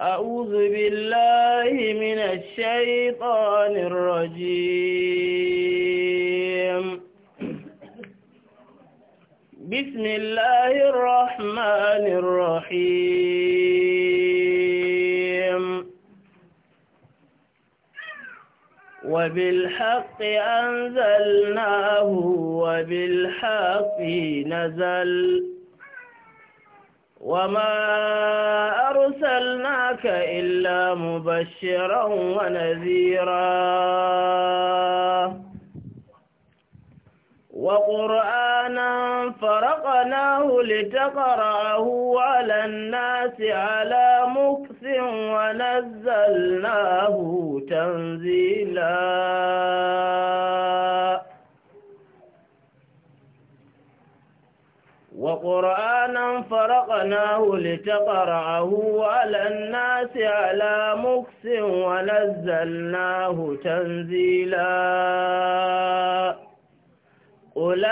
أعوذ بالله من الشيطان الرجيم بسم الله الرحمن الرحيم وبالحق أنزلناه وبالحق نزل وما أرسلناك إلا مبشرا ونذيرا وقرآنا فرقناه لتقرأه على الناس على مكث ونزلناه تنزيلا وقرآنا فرقناه لتقرعه على الناس على مكس ونزلناه تنزيلا قل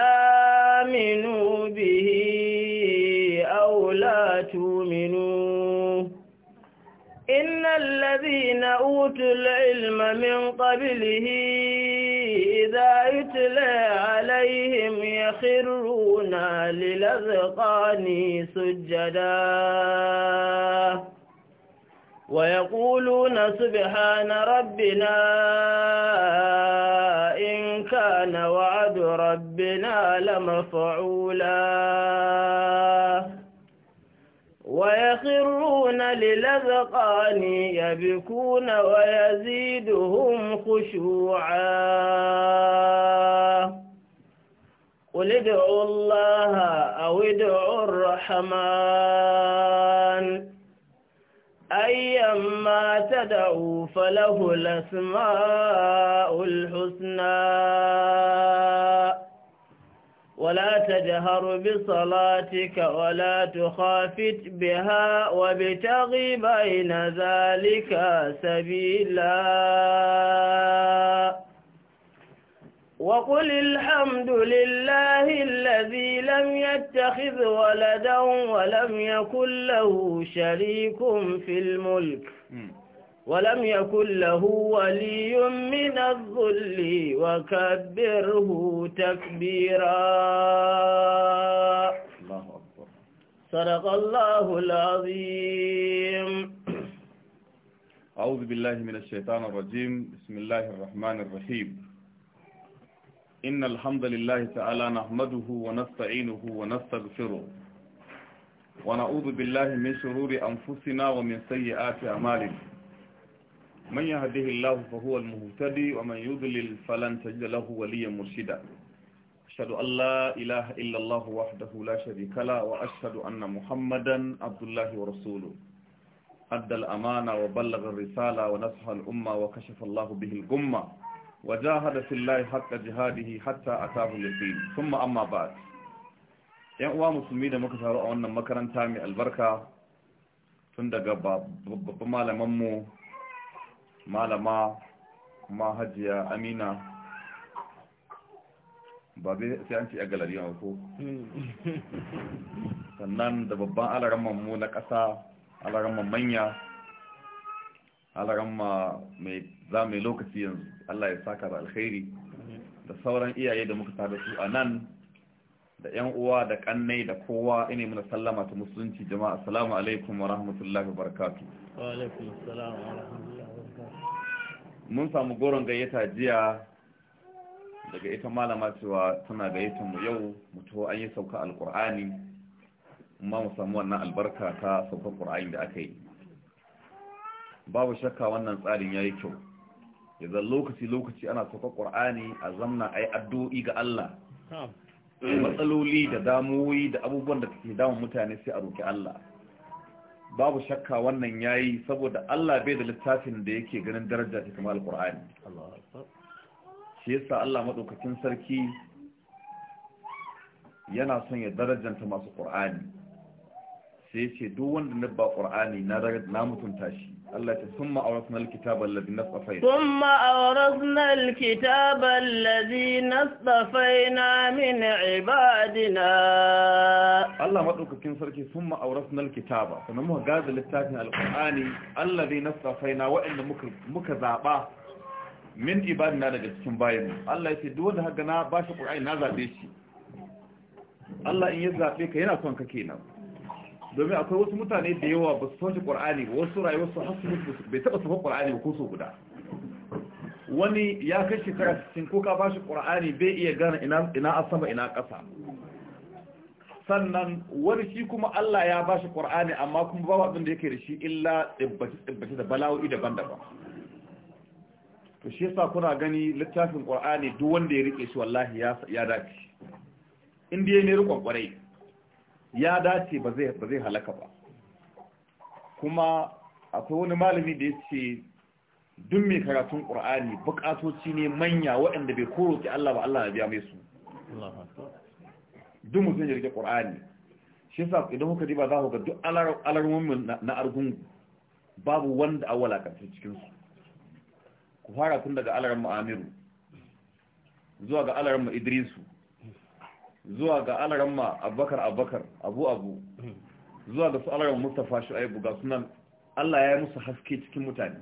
آمنوا به أو لا تؤمنون إن الذين أوتوا العلم من قبله إذا يتلى عليهم يخرون للأذقان سجدا ويقولون سبحان ربنا إن كان وعد ربنا لمفعولا يبكون للأذقان يبكون ويزيدهم خشوعا قل ادعوا الله أو ادعوا الرحمن أيما تدعوا فله الأسماء الحسنى ولا تجهر بصلاتك ولا تخافت بها وابتغ بين ذلك سبيلا وقل الحمد لله الذي لم يتخذ ولدا ولم يكن له شريك في الملك ولم يكن له ولي من الظل وكبره تكبيرا الله أكبر صدق الله العظيم أعوذ بالله من الشيطان الرجيم بسم الله الرحمن الرحيم إن الحمد لله تعالى نحمده ونستعينه ونستغفره ونعوذ بالله من شرور أنفسنا ومن سيئات أعمالنا من يهده الله فهو المهتدي ومن يضلل فلن تجد له وليا مرشدا أشهد أن لا إله إلا الله وحده لا شريك له وأشهد أن محمدا عبد الله ورسوله أدى الأمانة وبلغ الرسالة ونصح الأمة وكشف الله به الغمة وجاهد في الله حق جهاده حتى أتاه اليقين ثم أما بعد ‘Yan uwa musulmi da muka taru a wannan makaranta mai albarka tun daga babban malamanmu malama kuma hajiya amina ba bai sai an ce a galari a ko hmm. sannan da babban alaramman mu na ƙasa alaramman manya alaramma mai za mai lokaci yanzu Allah ya saka da alkhairi da sauran iyaye da muka saba su a nan da yan uwa da kannai da kowa ina muna sallama ta musulunci jama'a assalamu alaikum wa rahmatullahi wa barakatuh wa alaikum wa mun samu goron gayyata jiya daga ita malama cewa tana gayyatar mu yau mutuwa an yi sauka alkur'ani ma mu samu wannan albarka ta saukar qur'ani da aka yi babu shakka wannan tsarin yayi kyau yanzu lokaci lokaci ana saukar qur'ani a zamna ai addu'o'i ga Allah matsaloli da damuwoyi da abubuwan da ke damun mutane sai a roki Allah babu shakka wannan yayi saboda Allah bai da littafin da yake ganin daraja ta kamar alqur'ani shi yasa Allah madaukakin sarki yana son ya darajanta masu qur'ani sai ya ce duk wanda na ba qur'ani na na mutunta shi Allah ya ta summa awrasna alkitaba alladhi nasfayna summa awrasna alkitaba alladhi nasfayna min ibadina Allah madaukakin sarki summa awrasna alkitaba sannan muka gaza littafin alqur'ani alladhi nasfayna wa'anda muka muka zaba min ibadina daga cikin bayan Allah ya ce duk wanda haka na ba shi qur'ani na zabe shi Allah in ya zabe ka yana son ka kenan domin akwai wasu mutane da yawa ba su sauke ƙwar'ani ba wasu rayuwar hasu bai taɓa sauka ƙwar'ani ba ko so guda wani ya kai shekara cikin ko ka bashi ƙwar'ani bai iya gane ina a sama ina ƙasa sannan wani shi kuma Allah ya bashi ƙwar'ani amma kuma ba abin da yake da shi illa tsibbaci da bala'o'i daban-daban to shi yasa kuna gani littafin ƙwar'ani duk wanda ya riƙe shi wallahi ya dace in dai ne riƙon ƙwarai ya dace ba zai halaka ba kuma akwai wani malami da ya ce duk mai karatun ƙur'ani bukatoci ne manya waɗanda bai koro ki Allah ba Allah ya biya mai su duk mutum ya rike ƙur'ani shi sa idan kuka ba za ku ga duk alarmun na argungu babu wanda a walakanta cikin ku fara tun daga alarmu Amiru zuwa ga alarmu Idrisu zuwa ga ma abubakar abubakar abu abu zuwa ga su alaran mustapha shu'aibu ga sunan Allah ya yi musu haske cikin mutane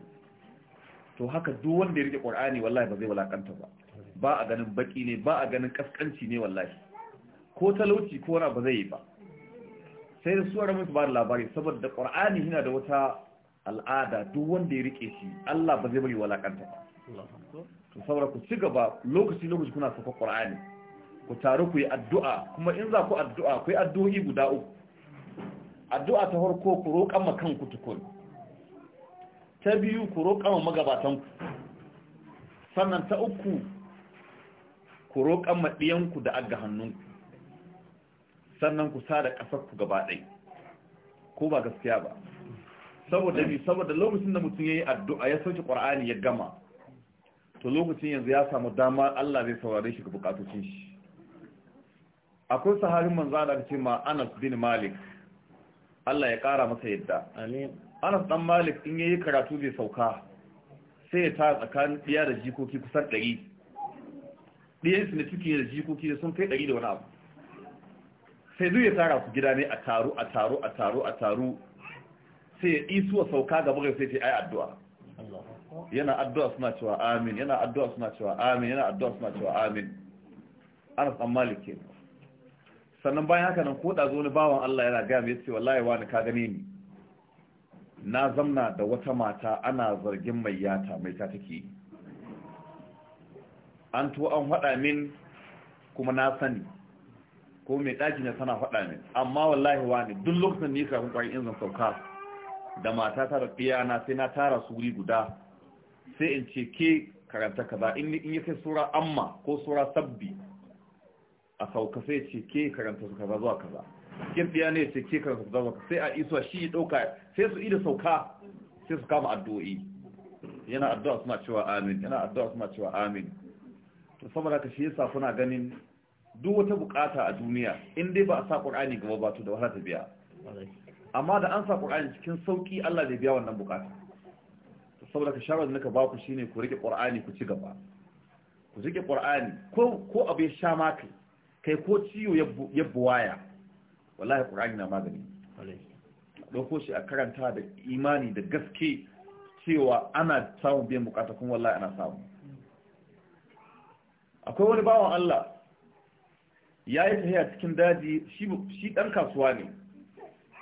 to haka duk wanda ya rike qur'ani wallahi ba zai walakanta ba ba a ganin baki ne ba a ganin kaskanci ne wallahi ko talauci ko ba zai yi ba sai da suwar musu ba labari saboda qur'ani yana da wata al'ada duk wanda ya rike shi Allah ba zai bari walakanta ba to saboda ku ci gaba lokaci lokaci kuna saka qur'ani ku taru ku yi addu'a kuma in za ku addu'a ku yi addu'o'i guda uku addu'a ta farko ku roƙa ma kanku tukun ta biyu ku roƙa ma magabatanku sannan ta uku ku roƙa ma ɗiyanku da aga hannunku sannan ku sa da ƙasarku gaba ɗai ko ba gaskiya ba saboda bi saboda lokacin da mutum ya yi addu'a ya sauke ƙwar'ani ya gama to lokacin yanzu ya samu dama Allah zai saurare shi ga bukatocin shi akwai saharin manzo da ce ma Anas bin Malik Allah ya kara masa yadda amin Anas dan Malik in yayi karatu zai sauka sai ya ta tsakanin diya da jikoki kusan ɗari. diyan su ne suke da jikoki sun kai 100 da wani abu sai zuwa ya tara su gida ne a taro a taro a taro a taro sai ya a sauka gaba ga sai ce ai addu'a yana addu'a suna cewa amin yana addu'a suna cewa amin yana addu'a suna cewa amin Anas dan Malik kenan sannan bayan haka nan ko da zo ni bawan Allah yana ga mai ce wallahi wani ka gane ni na zamna da wata mata ana zargin mai yata mai ta take an to an faɗa min kuma na sani ko mai ɗaki na tana faɗa min amma wallahi wani duk lokacin ni kafin kwai in zan sauka da mata ta da na sai na tara su guda sai in ce ke karanta kaza in yi kai sura amma ko sura sabbi a sauka sai ce ke karanta su kaza zuwa kaza cikin biya ne ce ke karanta su kaza zuwa sai a isuwa shi ya ɗauka sai su ida sauka sai su kama addu'o'i yana addu'a suna cewa amin yana addu'a suna cewa amin to saboda ka shi yasa kuna ganin duk wata bukata a duniya in dai ba a sa qur'ani gaba ba to da wahala ta biya amma da an sa qur'ani cikin sauki Allah zai biya wannan bukata saboda ka shawara da ka ba ku shine ku rike qur'ani ku ci gaba ku rike qur'ani ko ko abu ya sha maka kai ko ciwo ya buwaya wallahi ƙur'ani na magani ɗauko shi a karanta da imani da gaske cewa ana samun biyan bukata kuma wallahi ana samu akwai wani bawan Allah ya yi tafiya cikin daji shi ɗan kasuwa ne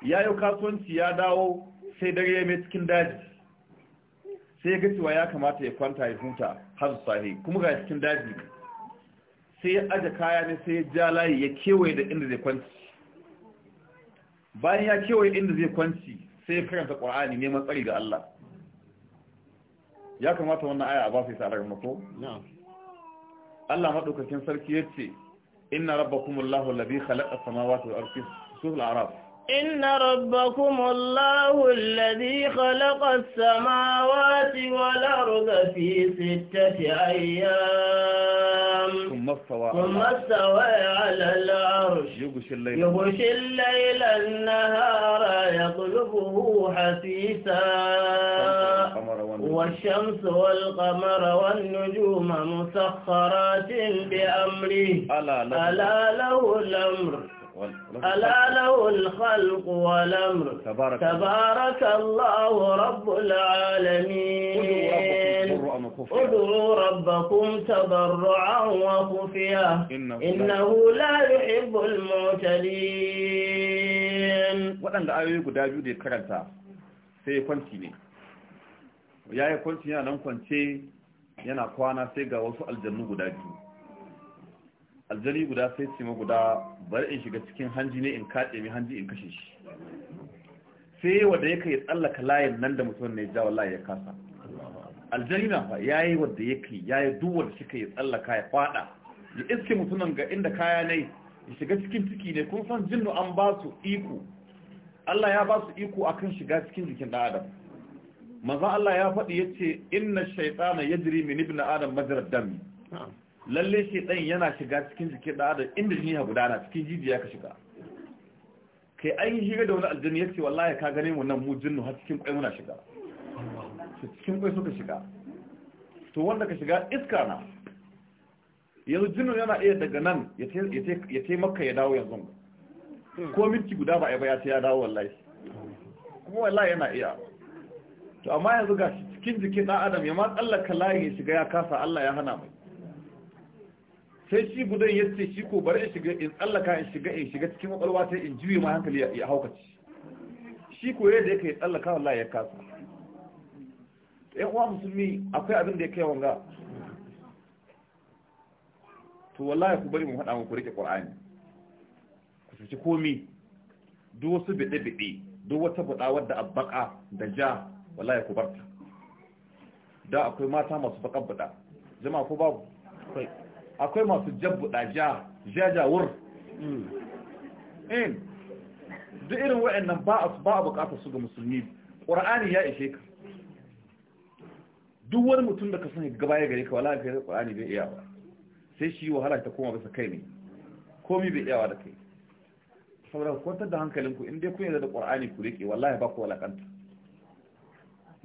ya yi kasuwanci ya dawo sai dare ya mai cikin daji sai ya ya kamata ya kwanta ya huta har sahi kuma ga cikin daji sai ya aje kaya ne sai ya ja layi ya kewaye da inda zai kwanci bayan ya kewaye inda zai kwanci sai ya karanta ƙwar'ani neman tsari ga Allah ya kamata wannan aya a ba su yi sa'adar mako? Allah maɗaukakin sarki ya ce inna rabbakumullahu labi khalaqa samawa ta arfi su su إن ربكم الله الذي خلق السماوات والأرض في ستة أيام ثم استوى ثم استوى على العرش يغشي الليل, يغشي الليل النهار يطلبه حثيثا والشمس والقمر والنجوم مسخرات بأمره ألا له الأمر ألا له الخلق والأمر تبارك, تبارك الله رب العالمين ادعوا ربكم تبرعا وخفيا إنه, لا يحب المعتدين وأن الآية قد يجود كرنتا سيكونتيني ya yi kwanci yana nan kwance yana kwana sai ga wasu aljannu guda biyu aljari guda sai ce guda bari in shiga cikin hanji ne in kaɗe mai hanji in kashe shi sai wanda ya ya tsallaka layin nan da mutum ne ja wallahi ya kasa aljari na fa ya wanda ya yi duk da shi ya tsallaka ya fada ya iske mutumin ga inda kaya ne ya shiga cikin ciki ne kun san jinnu an ba su iko Allah ya ba su iko akan shiga cikin jikin ɗan adam manzo Allah ya faɗi yace inna shaytana yajri min ibn adam majra dami lalle shaidan yana shiga cikin jiki da adam inda jini ya gudana cikin jijiya ka shiga kai an yi shiga da wani aljini ya ce wallahi ka gane wannan nan mu jinnu har cikin kwai muna shiga cikin kwai suka shiga to wanda ka shiga iska na yanzu jinnu yana iya daga nan ya ce ya dawo yanzu ko minti guda ba a ba ya ce ya dawo wallahi kuma wallahi yana iya to amma yanzu ga cikin jikin ɗan adam ya ma tsallaka layi ya shiga ya kasa Allah ya hana mai sai shi gudan ya ce shi ko bari in shiga in tsallaka in shiga in shiga cikin kwakwalwa sai in juye ma hankali ya haukaci shi ko yadda yake ya tsallaka wallahi ya kasa yan uwa musulmi akwai abin da ya kai wanga to wallahi ku bari mu faɗa muku rike qur'ani ku ci komi duk wasu bide bide duk wata buɗa wadda abbaka da ja wallahi ku barta da akwai mata masu baƙar buɗa jama'a ko babu akwai masu jabbuɗa ja jajawur in duk irin wa'annan ba a bukatar su ga musulmi Qur'ani ya ishe ka duk wani mutum da ka sani gaba ya gare ka wala ka ƙura'ani bai iya ba sai shi wahala ta koma bisa kai ne komi bai iyawa da kai saboda ku kwantar da hankalinku in dai kun yarda da ƙura'ani ku rike wallahi ba ku walakanta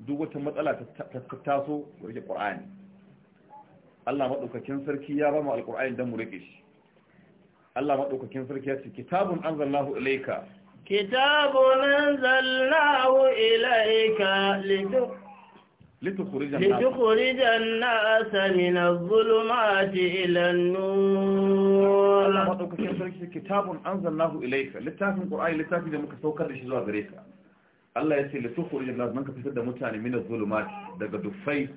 duk wata matsala ta taso ku rike Allah maɗaukakin sarki ya ba mu alƙur'ani dan mu rike shi Allah maɗaukakin sarki ya ce kitabun anzalallahu ilayka kitabun anzalallahu ilayka litukhrijan litukhrijan nas min adh-dhulumati ila an-nur Allah maɗaukakin sarki kitabun anzalallahu ilayka littafin qur'ani littafin da muka sauka da shi zuwa gare ka Allah ya ce litukhrijan nas man ka fitar da mutane min adh-dhulumati daga dufai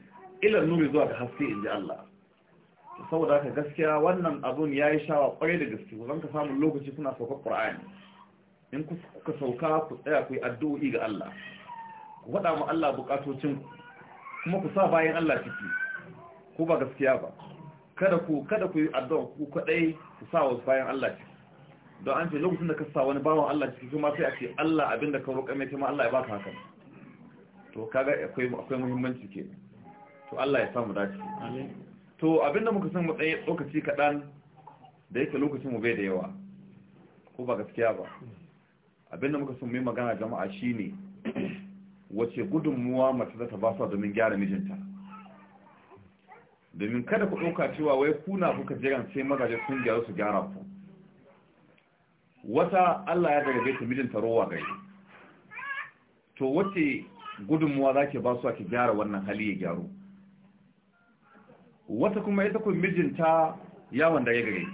ila nuri zuwa ga haske inji Allah saboda haka gaskiya wannan abun ya yi shawa kwarai da gaske ku zanka samun lokaci suna saukar ƙura'ani in kuka sauka ku tsaya ku yi addu'o'i ga Allah ku faɗa mu Allah bukatocin kuma ku sa bayan Allah ciki ku ba gaskiya ba kada ku kada ku yi addu'a ku kadai ku sa wasu bayan Allah ciki don an ce lokacin da ka sa wani bawan Allah ciki kuma sai a ce Allah abinda ka roƙa mai kuma Allah ya baka hakan to kaga akwai akwai muhimmanci ke to Allah ya samu dace amin to abinda muka san mu tsaye lokaci kaɗan da yake lokacin mu bai da yawa ko ba gaskiya ba abinda muka san mu yi magana jama'a shine wace gudunmuwa mace za ta ba su domin gyara mijinta domin kada ku ɗauka cewa wai kuna kuka jiran sai magaje sun gyara su gyara ku wata Allah ya bai ta mijinta rowa gari to wace gudunmuwa za ke ba su a ki gyara wannan hali ya gyaru wata kuma ita kun mijinta yawon dare gare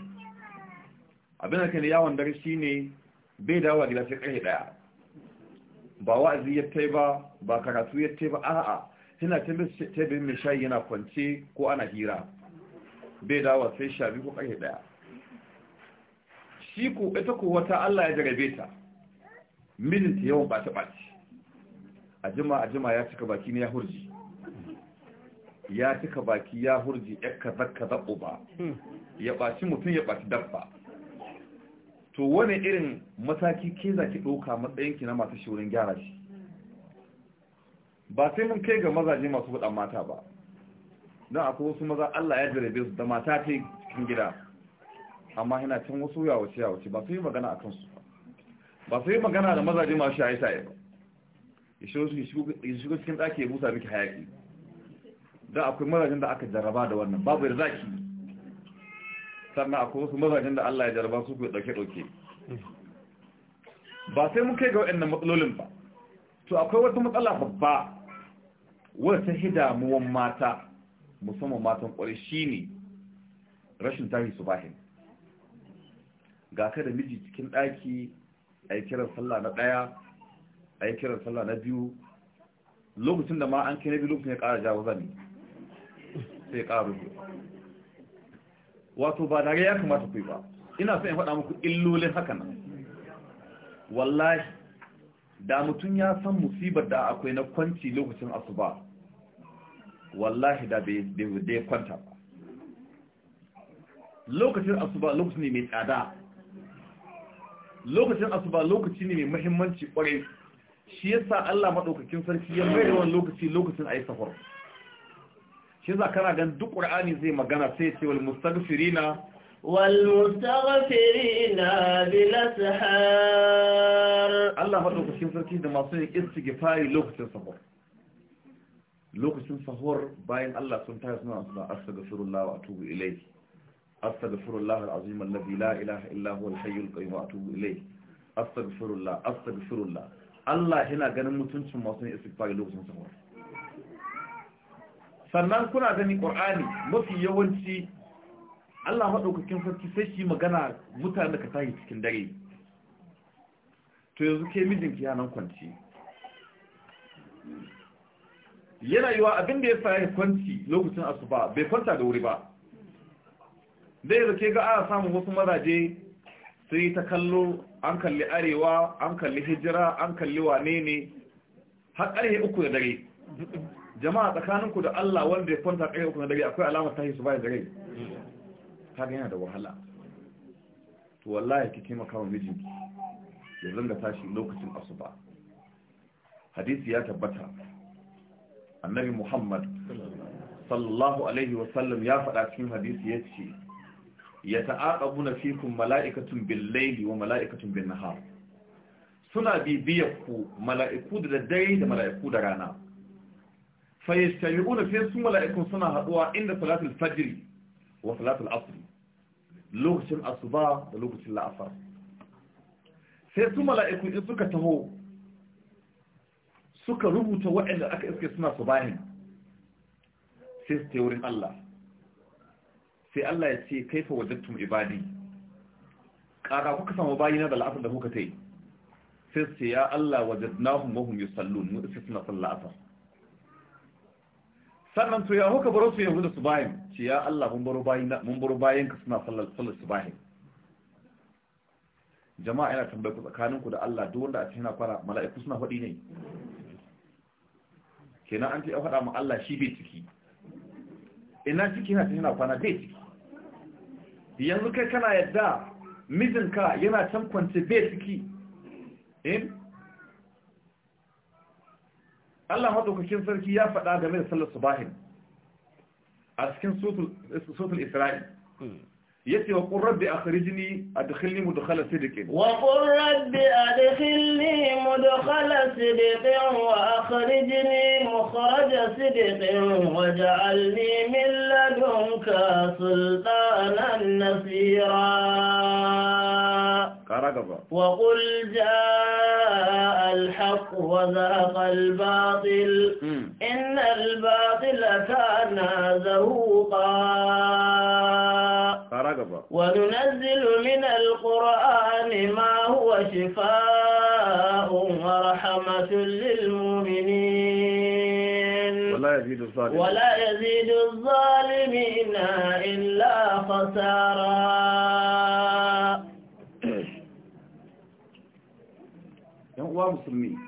abin da ne yawon dare shine bai dawa gida sai karfe daya ba wa'azi ya ta ba ba karatu ya ta ba a'a tana tabbin mai shayi yana kwance ko ana hira bai dawa sai sha biyu ko karfe daya shi ku ita ku wata Allah ya jarabe ta mijinta yawan bace bace a jima a jima ya cika baki ne ya hurji ya cika baki ya hurji hmm. ya kaza kaza ba, ya baci mutum ya baci dabba to wani irin mataki ke za ki ɗauka matsayinki na masu shirin gyara shi ba sai mun kai ga mazaje masu faɗan mata ba don akwai wasu maza Allah ya jarabe su da mata ta yi cikin gida amma yana can wasu ya ya yawace ba su yi magana a kansu ba su yi magana da mazaje masu shaye shaye ba ya shigo cikin ɗaki ya busa miki hayaki da akwai mazajen da aka jaraba da wannan babu yadda zaki sannan akwai wasu mazajen da Allah ya jaraba su ku dauke-dauke ba sai mun kai ga waɗannan matsalolin ba to akwai wata matsala babba wata ta mata musamman matan ƙwarai shine rashin tashi su bahin ga ka da miji cikin ɗaki a yi kiran sallah na ɗaya a yi kiran sallah na biyu lokacin da ma an kai na biyu lokacin ya ƙara jawo zane sai ƙaru wato ba dare ya kamata ku yi ba ina son in faɗa muku illolin haka nan wallahi da mutum ya san musibar da akwai na kwanci lokacin asuba wallahi da bai kwanta ba lokacin asuba lokaci ne mai tsada lokacin asuba lokaci ne mai mahimmanci kwarai shi yasa Allah madaukakin sarki ya mai da wani lokaci lokacin yi safar shi kana gan duk qur'ani zai magana sai ce wal mustaghfirina wal mustaghfirina bil ashar Allah ba duk shin sarki da masu istighfari lokacin sahur lokacin sahur bayan Allah sun tayar suna suna astaghfirullah wa atubu ilayhi astaghfirullah alazim alladhi la ilaha illa huwa alhayyul qayyum wa atubu ilayhi astaghfirullah astaghfirullah Allah yana ganin mutuncin masu istighfari lokacin sahur sannan kuna gani ƙur'ani mafi yawanci Allah maɗaukakin sarki sai shi magana mutane ka cikin dare to yanzu ke mijinki ya kwanci yana yiwa abin da ya sa kwanci lokacin asuba bai kwanta da wuri ba zai zake ga ana samun wasu mazaje sai ta kallo an kalli arewa an kalli hijira an kalli wane ne har ƙarfe uku da dare jama'a tsakaninku da Allah wanda ya kwanta ƙarfe uku na dare akwai alamar tashi su bai da Ta kaga yana da wahala to wallahi ki taimaka wa mijinki ya zanga tashi lokacin asuba hadisi ya tabbata annabi Muhammad sallallahu alaihi wa sallam ya faɗa cikin hadisi yace ya ta'aqabuna fikum mala'ikatun bil-layli wa mala'ikatun bin-nahar suna bibiyar ku mala'iku da dare da mala'iku da rana fa yastami'una sai su mala'ikun suna haduwa inda salatul fajr wa salatul asr lokacin asuba da lokacin la'asar sai su mala'ikun in suka taho suka rubuta waɗanda aka iske suna su bayan sai su ta wurin Allah sai Allah ya ce kaifa wajattum ibadi ƙara kuka samu bayina da la'asar da kuka ta yi sai su ce ya Allah wajadnahum wahum yusallun mu iske suna sallah asar sannan to ya huka baro su yahuda su bayan ce ya Allah mun baro bayan mun baro bayan ka suna sallar sallar su bayan jama'a yana tambaye ku tsakanin ku da Allah duk wanda a cikin na fara mala'iku suna faɗi ne kenan an ce ya faɗa ma Allah shi bai ciki ina ciki yana cikin na kwana bai ciki yanzu kai kana yadda mijinka yana can kwance bai ciki eh? Allah madaukakin sarki ya faɗa game da sallar subahin a cikin sotul Isra'il yace wa qur rabbi akhrijni adkhilni mudkhala sidqin wa qur rabbi adkhilni mudkhala sidqin wa akhrijni mukhraja sidqin waj'alni min ladunka sultanan nasira رغبا وقل جاء الحق وذاق الباطل إن الباطل كان زهوقا رغبا وننزل من القرآن ما هو شفاء ورحمة للمؤمنين ولا يزيد الظالمين ولا يزيد الظالمين إلا خسارا uwa musulmi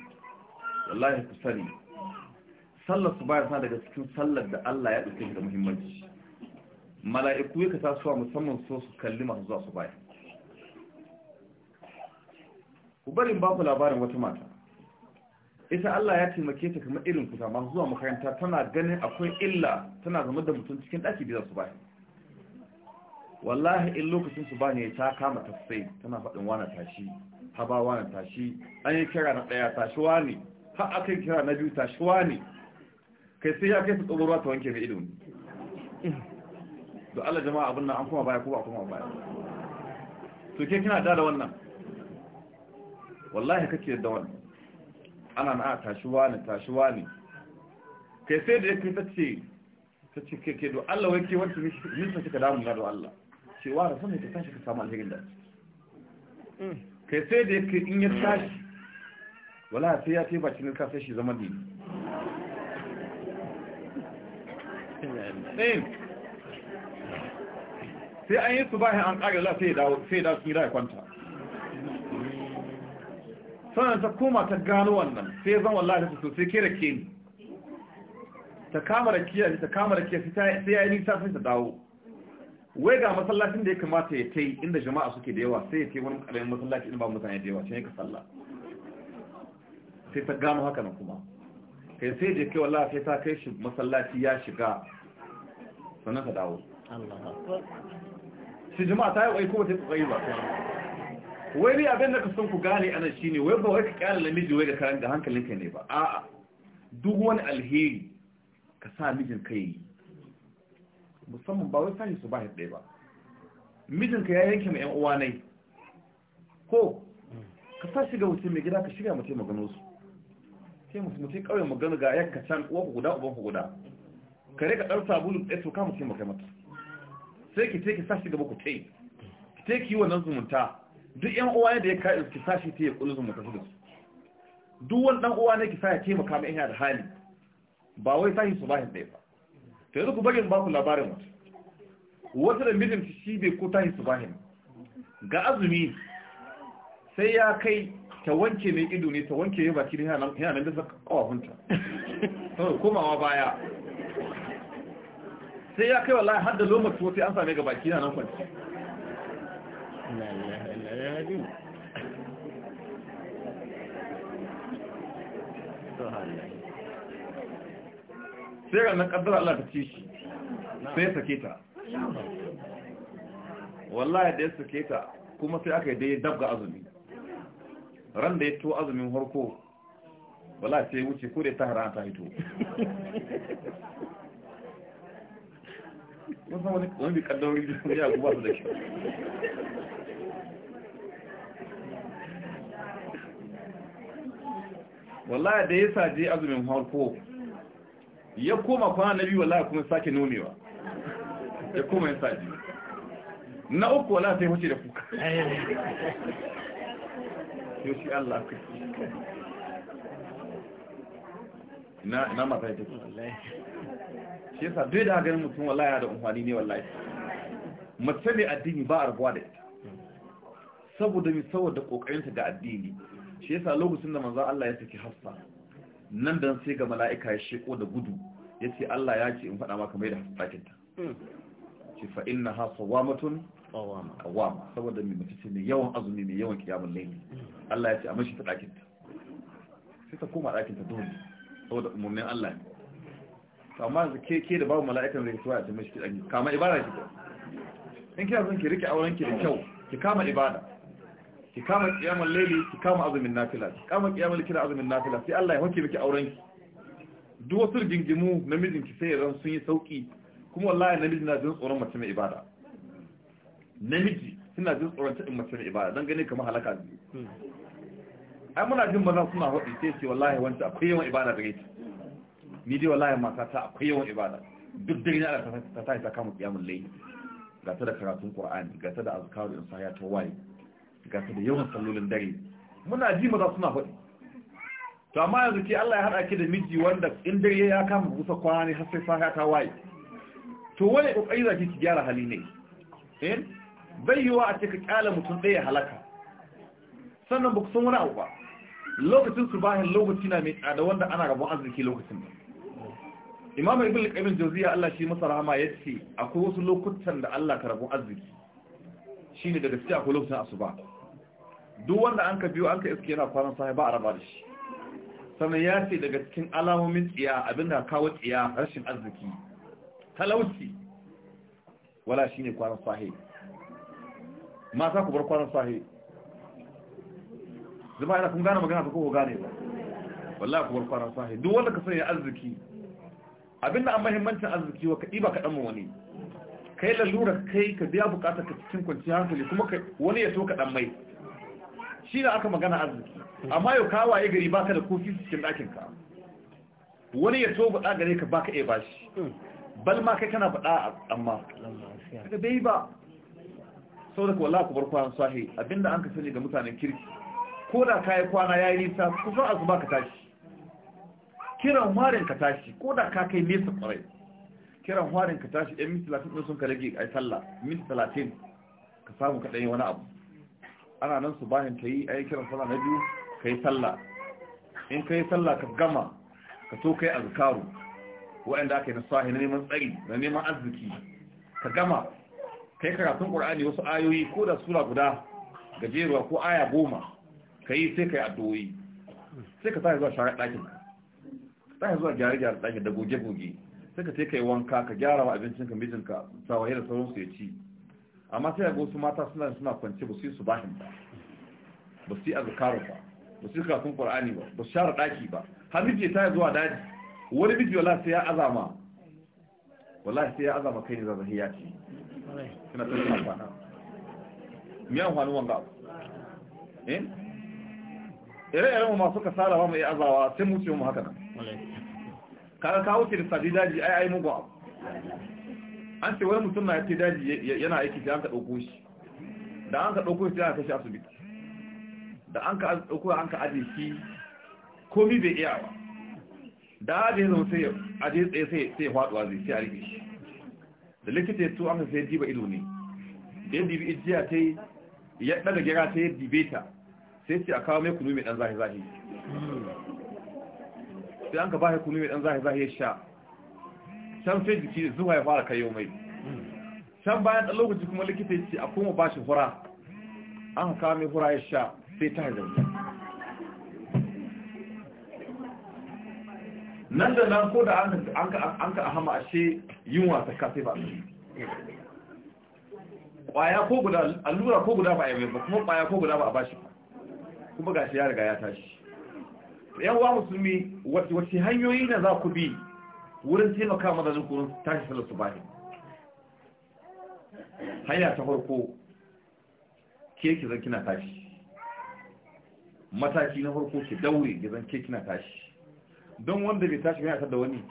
wallahi ku sani sallar su baya sana daga cikin sallar da Allah ya ɗauke da muhimmanci mala'iku kasa suwa musamman so su kalli masu zuwa su baya ku bari ba ku labarin wata mata ita Allah ya taimake ta kamar irin kusa, masu zuwa makaranta tana ganin akwai illa tana zama da mutum cikin ɗaki biyar su baya wallahi in lokacin su bane ta kama tafsai tana faɗin wana tashi habawa na tashi an yi kira na ɗaya tashiwa ne har aka yi kira na biyu tashiwa ne kai sai ya kai su tsoron ta wanke mai idon da Allah jama'a abin nan an kuma baya ko ba kuma baya to ke kina da da wannan wallahi kake da wannan ana na tashiwa ne tashiwa ne kai sai da yake tace ta ce ke ke do Allah wai ke wanda nisa suka damu na do Allah cewa da ne ka tashi ka samu alheri da kai sai da yake in ya tashi wala sai ya ce ba cikin kasa shi zama dini sai an yi su bayan an ƙari la sai dawo sai dawo sun ya kwanta sannan ta koma ta gano wannan sai zan wallahi ta sosai kera da ke ni ta kama da kiyar ta kama da kiyar sai ya yi nisa sai ta dawo wai ga masallacin da ya kamata ya ta inda jama'a suke da yawa sai ya tai wani karamin masallaci inda ba mutane da yawa sai ka salla sai ta gano haka nan kuma kai sai ya kai wallahi sai ta kai shi masallaci ya shiga sannan ka dawo shi jama'a ta yi wai kuma ta tsaye ba wai ni abin da ka son ku gane ana ne wai ba wai ka kyara namiji wai ga karan da hankalinka ne ba a'a duk wani alheri ka sa mijin kai yi musamman ba wai sahi su ba ɗaya ba mijinka ya yanke mai yan uwa nai ko ka sa shiga wuce mai gida ka shiga mace magano su sai musu mutum kawai magano ga yakka can uwa ku guda uban ku guda ka rika ɗan sabulu ɗaya eh, to ka mutum makai mata sai ki ce ki sa shiga ba ku te ki ce ki yi wannan zumunta duk yan uwa yadda da ya ka ki sa shi ta ya kullu zumunta su da su duk wani dan uwa ne ki sa ya taimaka ma ina da hali ba wai sahi su ba ɗaya ba ta yanzu ku bari ba ku labarin wata wata da mijin shi bai ko su ba ga azumi sai ya kai ta wanke mai ido ne ta wanke yi baki ne yana nan da zaka kawafinta sau komawa baya sai ya kai wallahi har da lomar su sai an same ga baki yana nan kwanci Subhanallah. sai ranar kaddara Allah ta ci shi sai ya sake ta wallahi da ya sake ta kuma sai aka yi dai dabga azumi ran da ya to azumin harko wallahi sai wuce ko da ta hara ta hito kun wani wani bi kaddauri da ya guba su da shi wallahi da ya saje azumin harko ya koma kwana na biyu wallahi kuma sake nomewa ya koma ya saji na uku wallahi sai wuce da kuka yau shi Allah ku na na mata ya wallahi shi yasa duk da ganin mutum wallahi ya da umfani ne wallahi mace mai addini ba arguwa da ita saboda mi saboda ta ga addini shi yasa lokacin da manzo Allah ya saki Hafsa nan dan sai ga mala'ika ya sheko da gudu ya ce Allah ya ce in faɗa maka mai da ta ce hmm. fa inna ha sawamatun sawama saboda mai mutace ne mai yawan azumi mai yawan kiyamul layli Allah ya ce a mashi ta ɗakinta sai ta koma ɗakinta dole saboda umarnin Allah ne to amma ke ke da babu mala'ikan zai tuwa ya ce mashi ɗakin kama ibada ki in kina son ki rike auren ki da kyau ki kama ibada ki kama kiyamul laili ki kama azumin nafila ki kama kiyamul kira azumin nafila sai Allah ya hoke miki auren ki duk wasu gingimu mijin ki sai ran sun yi sauki kuma wallahi namiji na jin tsoron mace mai ibada namiji suna jin tsoron ta mace mai ibada dan gane kamar halaka ne ai muna jin maza suna hodi sai ce wallahi wanda akwai yawan ibada da gaita ni dai wallahi mata ta akwai yawan ibada duk dare na ta ta ta kama kiyamul laili ga ta da karatun qur'ani ga ta da azkaru in sa ya ta waye Gasa da yawan sallolin dare muna ji maza suna faɗi to amma yanzu ke Allah ya haɗa ki da miji wanda in dare ya kama kusa kwana ne har sai safiya ta waye to wani kokari zaki ki gyara hali ne eh bai yiwa a cika kyala mutum ɗaya halaka sannan ba ku san wani abu ba lokacin su bahin lokaci na mai tsada wanda ana rabon arziki lokacin ba imamu ibn qayyim jawziya Allah shi masa rahama yace akwai wasu lokutan da Allah ka rabon arziki shine da gaskiya akwai lokacin asuba duk wanda an ka biyo an ka iske yana kwanan sahi ba a raba da shi sannan ya ce daga cikin alamomin tsiya abinda kawo tsiya rashin arziki talauci wala shi ne kwanan sahi mata ku bar kwanan sahi zama yana kun gane magana ta kogo gane ba Wala ku bar kwanan sahi duk wanda ka sanya arziki abinda an mahimmancin arziki wa kaɗi ba kaɗan ma wani kai lalura kai ka biya bukatar ka cikin kwanciyar hankali kuma wani ya so kaɗan mai shi da aka magana arziki amma yau kawaye gari baka da kofi cikin ɗakin ka wani ya so ɗa gare ka baka iya bashi bal ma kai kana faɗa amma ka bai ba sau da wallahi ku bar kwanan sahi abinda an ka sani ga mutanen kirki ko da yi kwana yayi nisa kusan azuba ka tashi kiran warin ka tashi ko da ka kai nesa kwarai kiran warin ka tashi ɗan minti talatin sun ka rage a sallah minti talatin ka samu kaɗan wani abu ana nan su bayan ta yi a yi kiran sallah na biyu ka yi sallah in ka yi sallah ka gama ka so ka yi azkaru wa'anda aka yi na sahi na neman tsari na neman arziki ka gama ka yi karatun ƙur'ani wasu ayoyi ko da sura guda gajeruwa ko aya goma ka yi sai ka yi addu'o'i sai ka tashi zuwa share ɗakin ka tashi zuwa gyare-gyare ɗakin da goge-goge sai ka sai ka yi wanka ka gyara wa abincin ka mijinka sawaye da sauransu ya ci amma sai ga wasu mata suna suna kwance ba su yi bahin ba ba su yi azkaru ba ba su yi karatun qur'ani ba ba su share ɗaki ba har miji ta zuwa daji wani miji wala sai ya azama wala sai ya azama kai ne zazzahiya ce suna ta kuma fana miyan an wanga abu eh ire-iren masu kasara ba mai azawa sai mu ce mu haka nan kawo ki da sadi daji ai ai mugu abu an ce wani mutum na ya ce daji yana aiki sai an ka ɗauko shi da an ka ɗauko shi sai an kashi asibiti da an ka ɗauko an ka aje shi komi bai iya ba. da aje zama sai aje tsaye sai ya faɗuwa zai sai a rike shi da likita ya so an ka sai diba ido ne da ya dibi ijiya ta yi ya ɗaga gira ta ya dibe ta sai ce a kawo mai kunu mai ɗan zahi-zahi sai an ka ba kunu mai ɗan zahi-zahi ya sha can sai jiki zuwa ya fara kayo mai can bayan ɗan lokaci kuma likita ya ce a kuma ba shi hura an kawo mai hura ya sha sai ta hajjanta nan da nan ko da an ka ahama ashe yunwa ka sai ba ƙwaya ko guda allura ko guda ba a yi ba kuma ƙwaya ko guda ba a bashi kuma gashi ya riga ya tashi yan wa musulmi wace hanyoyi na za ku bi wurin taimaka mazajin kurin tashi salatu ba ne hanya ta farko keke zan kina tashi mataki na farko ki daure ya zan ke kina tashi don wanda bai tashi yana da wani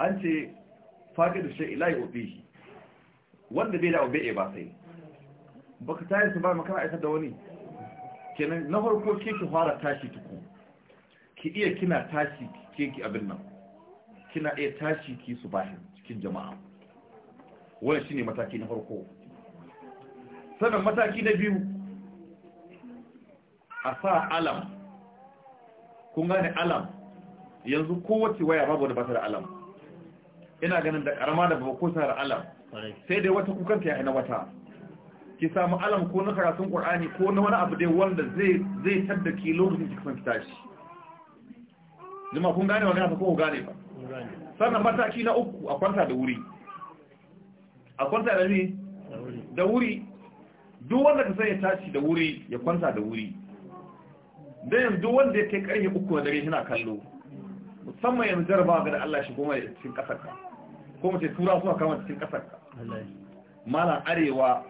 an ce faɗi da shi shai obe shi wanda bai da obe ba sai baka tashi su ba na aikata da wani kenan na farko ke ki fara tashi tuku ki iya kina tashi ke ki abin nan kina iya tashi ki su bahin cikin jama'a wannan shine mataki na farko sannan mataki na biyu a sa alam kun gane alam yanzu kowace waya babu da bata da alam ina ganin da karama da babu ko da alam sai dai wata kukanta ya na wata ki samu alam ko na karatun qur'ani ko na wani abu dai wanda zai zai tadda ki lokacin ki ki tashi zama kun gane magana ta ko gane ba sannan mataki na uku a kwanta da wuri a kwanta da ne da wuri duk wanda ka sai ya tashi da wuri ya kwanta da wuri da yanzu wanda ya kai karfe uku na dare yana kallo musamman yanzu jarabawa ga da Allah shi goma da cikin kasar ka ko mace tura suka kama cikin kasar ka malam arewa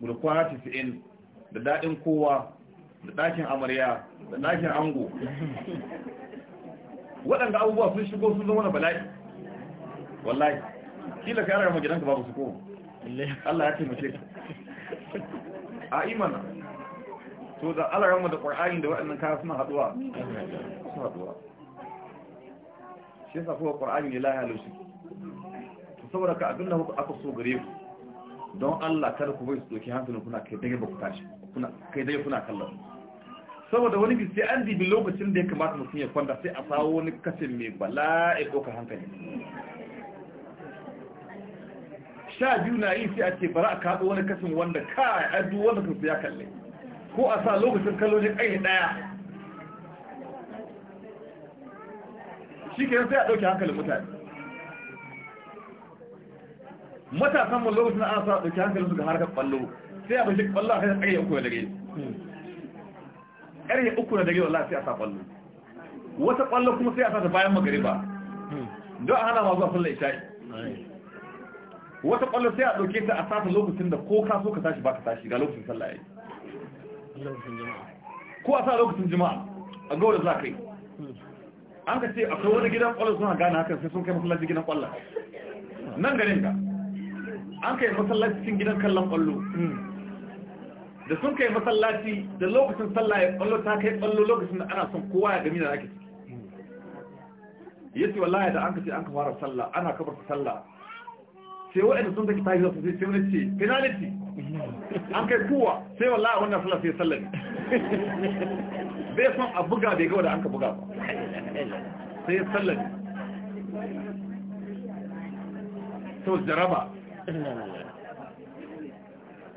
mulkwara 90 da daɗin kowa da ɗakin amarya da ɗakin ango waɗanda abubuwa sun shigo sun zama na bala'i wallahi kila ka rama gidanka babu su koma Allah ya taimake ka a imana to da Allah rama da ƙwar'ayin da waɗannan kaya suna haɗuwa. su haduwa shi yasa kuma ƙwar'ayin ne laya halushi to saboda ka abinda aka so gare ku don Allah kada ku bai su doki hankalin kuna kai dage ba ku tashi kuna kai dage kuna kallon saboda wani bi sai an dibi lokacin da ya kamata mutum ya kwanta sai a sawo wani kasin mai bala'i ka hankali sha biyu na yi sai a ce bara a kaɗo wani kasin wanda ka a duk wanda ka ya kalle ko a sa lokacin kallo ne ɗaya shi ke sai a ɗauke hankalin mutane matasan mu lokacin ana sa ɗauke hankalin su ga harkar ƙwallo sai a bashi ƙwallo a kai tsaye ya koya da gaisu ƙarfe uku na dare lafiya a sa ƙwallo wata ƙwallo kuma sai a sata bayan magariba don a hana ma zuwa sun isha'i wata ƙwallo sai a ɗauke ta a sata lokacin da ko ka so ka tashi ba ka tashi ga lokacin sallaye. ko a sa lokacin jima'a a ga wanda za ka yi an ka ce akwai wani gidan ƙwallo suna gane hakan sai sun kai masallaci gidan ƙwallo nan garin ka an kai masallaci cikin gidan kallon ƙwallo da sun kai masallaci da lokacin sallaye ya ballo ta kai ballo lokacin da ana son kowa ya gami da ake ciki yace wallahi da an kace an ka fara sallah ana kabar sallah sai wa'anda sun take tafi su sai wani ce penalty an kai kowa sai wallahi wannan sallah sai sallah bai son a buga bai ga wanda an ka buga ba sai sallah so jaraba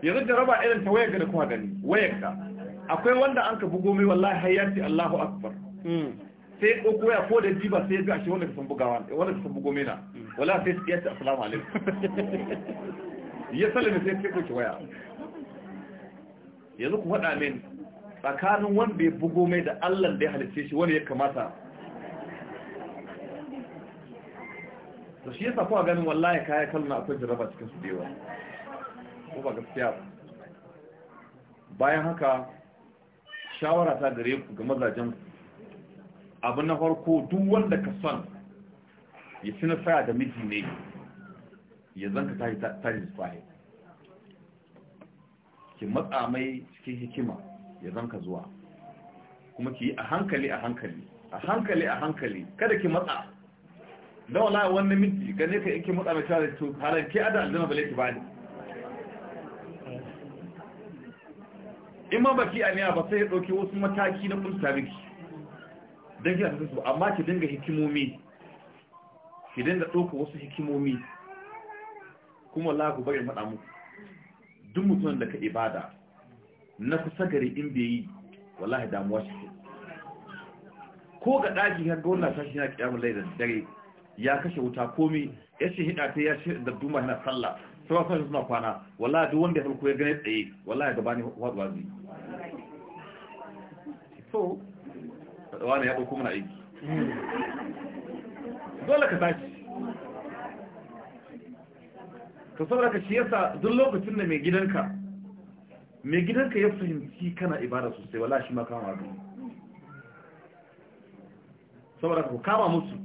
yanzu jaraba irin ta waya da kuma gani wayar ka akwai wanda an ka bugo mai wallahi har Allahu akbar hmm. sai ya ɗauko ya ko da jiba sai ya ga shi wanda ka san bugawa wanda ka san bugo mai na hmm. wallahi sai ya ce assalamu alaikum ya salame sai ya ɗauki waya yanzu ku faɗa min tsakanin wanda ya bugo mai da Allah da ya halice shi wani ya kamata to shi yasa kuwa ganin wallahi kaya kallon akwai jaraba cikin su da yawa ko ba gaskiya ba bayan haka shawara ta gare ku ga mazajen ku abu na farko duk wanda ka son ya fi na nasara da miji ne ya zanka ta yi tsaye ki matsa mai cikin hikima ya zanka zuwa kuma ki yi a hankali a hankali a hankali a hankali kada ki matsa da wala wannan miji gane ka yake matsa mai shawara da to halar ke ada aljanna bale ki bani in ma baki a miya ba sai ya ɗauki wasu mataki na kunta miki don kina tafi su amma ki dinga hikimomi ki dinga ɗauka wasu hikimomi kuma la ku bari faɗa muku duk mutum da ka ibada na kusa gari in bai yi wallahi damuwa shi ko ga ɗaki ya ga wannan sashi na kiyamun laidar da dare ya kashe wuta komi ya shi hida ta ya shi da duma na sallah sauran sun suna kwana wala duk wanda ya farko ya gane tsaye wala ya gabani faduwa zai so wani ya ɗauko mana aiki dole ka tashi ka saboda ka shiyasa duk lokacin da mai gidanka mai gidanka ya fahimci kana ibada sosai wala shi ma kama abu saboda ka kama musu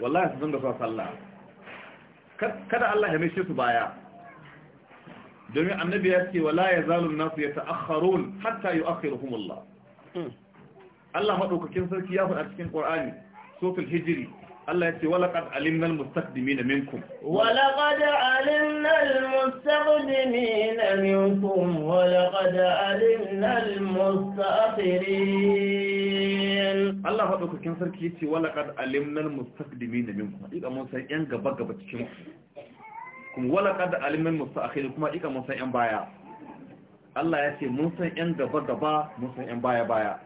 wallahi su zanga sa sallah kada Allah ya mai su baya domin annabi ya ce wala ya zalun nasu ya ta'akharun hatta yu'akhiruhum Allah Allah madaukakin sarki ya faɗa cikin Qur'ani suratul hijri Allah ya ce wala qad alimna almustaqdimin minkum wala qad alimna almustaqdimin minkum wala qad alimna almustaakhirin Allah maɗaukakin sarki yace wala qad alimnal mustaqdimin minkum hakika mun san yan gaba gaba cikin kuma wala qad alimnal mustaakhirin kuma hakika mun san yan baya Allah ya ce mun san yan gaba gaba mun san yan baya baya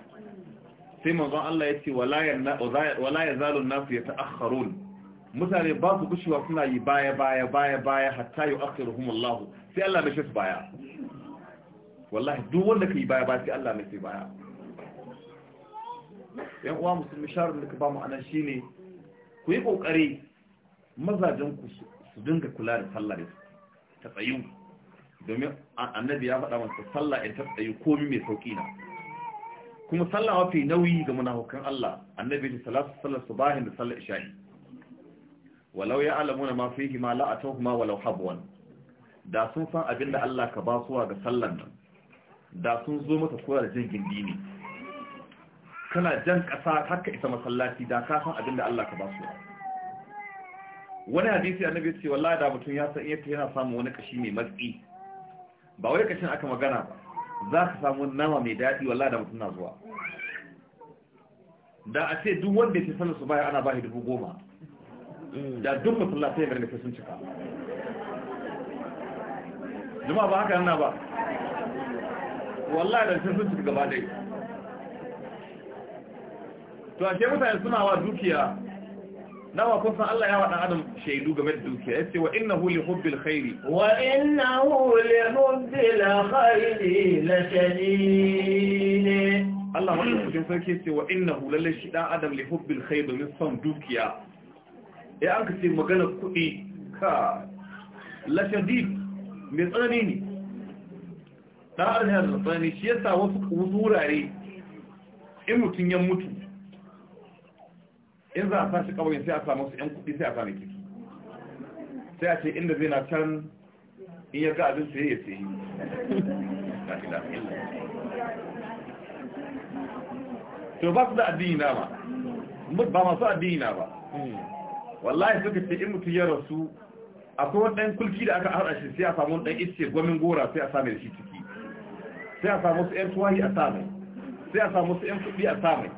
sai manzon Allah ya ce wala yanna wala yazalu an-nasu yata'akhkharun mutane ba su gushewa suna yi baya baya baya baya hatta yu'akhiruhum Allah sai Allah bai shi baya wallahi duk wanda kai baya ba sai Allah mai sai baya yan uwa musulmi sharar da ka ba mu shi ne, ku yi ƙoƙari mazajen ku su dinga kula da sallah ta tsayu domin annabi ya faɗa masa sallah in ta tsayu komai mai sauki na kuma sallah mafi nauyi ga munafukan Allah annabi da salatu sallar subahin da sallar isha'i walau ya alamuna ma fihi ma la'atawhu ma walau habwan da sun san abinda Allah ka basuwa ga sallar nan da sun zo mata kowa da jin gindi ne kana jan ƙasa haka isa masallaci da ka san abin da Allah ka ba su wani hadisi a nabi ce wallahi da mutum ya san yake yana samu wani kashi mai matsi ba wai kashin aka magana ba, za ka samu nama mai daɗi wallahi da mutum na zuwa da a ce duk wanda ke sanin su baya ana shi dubu goma da duk masallaci ya gargafe sun cika juma ba haka yana ba wallahi da sun cika gaba dai. to a ashe mutane suna wa dukiya nawa kun san Allah ya wa dan adam shaidu game da dukiya Ya ce wa innahu li hubbil khairi wa innahu li hubbil khairi la shadid Allah wanda kudin ke yace wa innahu lalle shi dan adam li hubbil khairi min son dukiya eh an kace magana kudi ka la shadid me tsanani ne dan adam ya tsanani shi yasa wasu wurare in mutun ya mutu in za a sashi kawai sai a samu su yan kuɗi sai a sami kitu sai a ce inda zai na can in ya ga abin sai ya sai to ba su da addini na ba ba masu addini na ba wallahi suka ce in mutu ya rasu akwai ɗan kulki da aka haɗa shi sai a samu ɗan ice gwamin gora sai a sami da shi ciki sai a samu su 'yan tuwahi a sami sai a samu su 'yan kudi a sami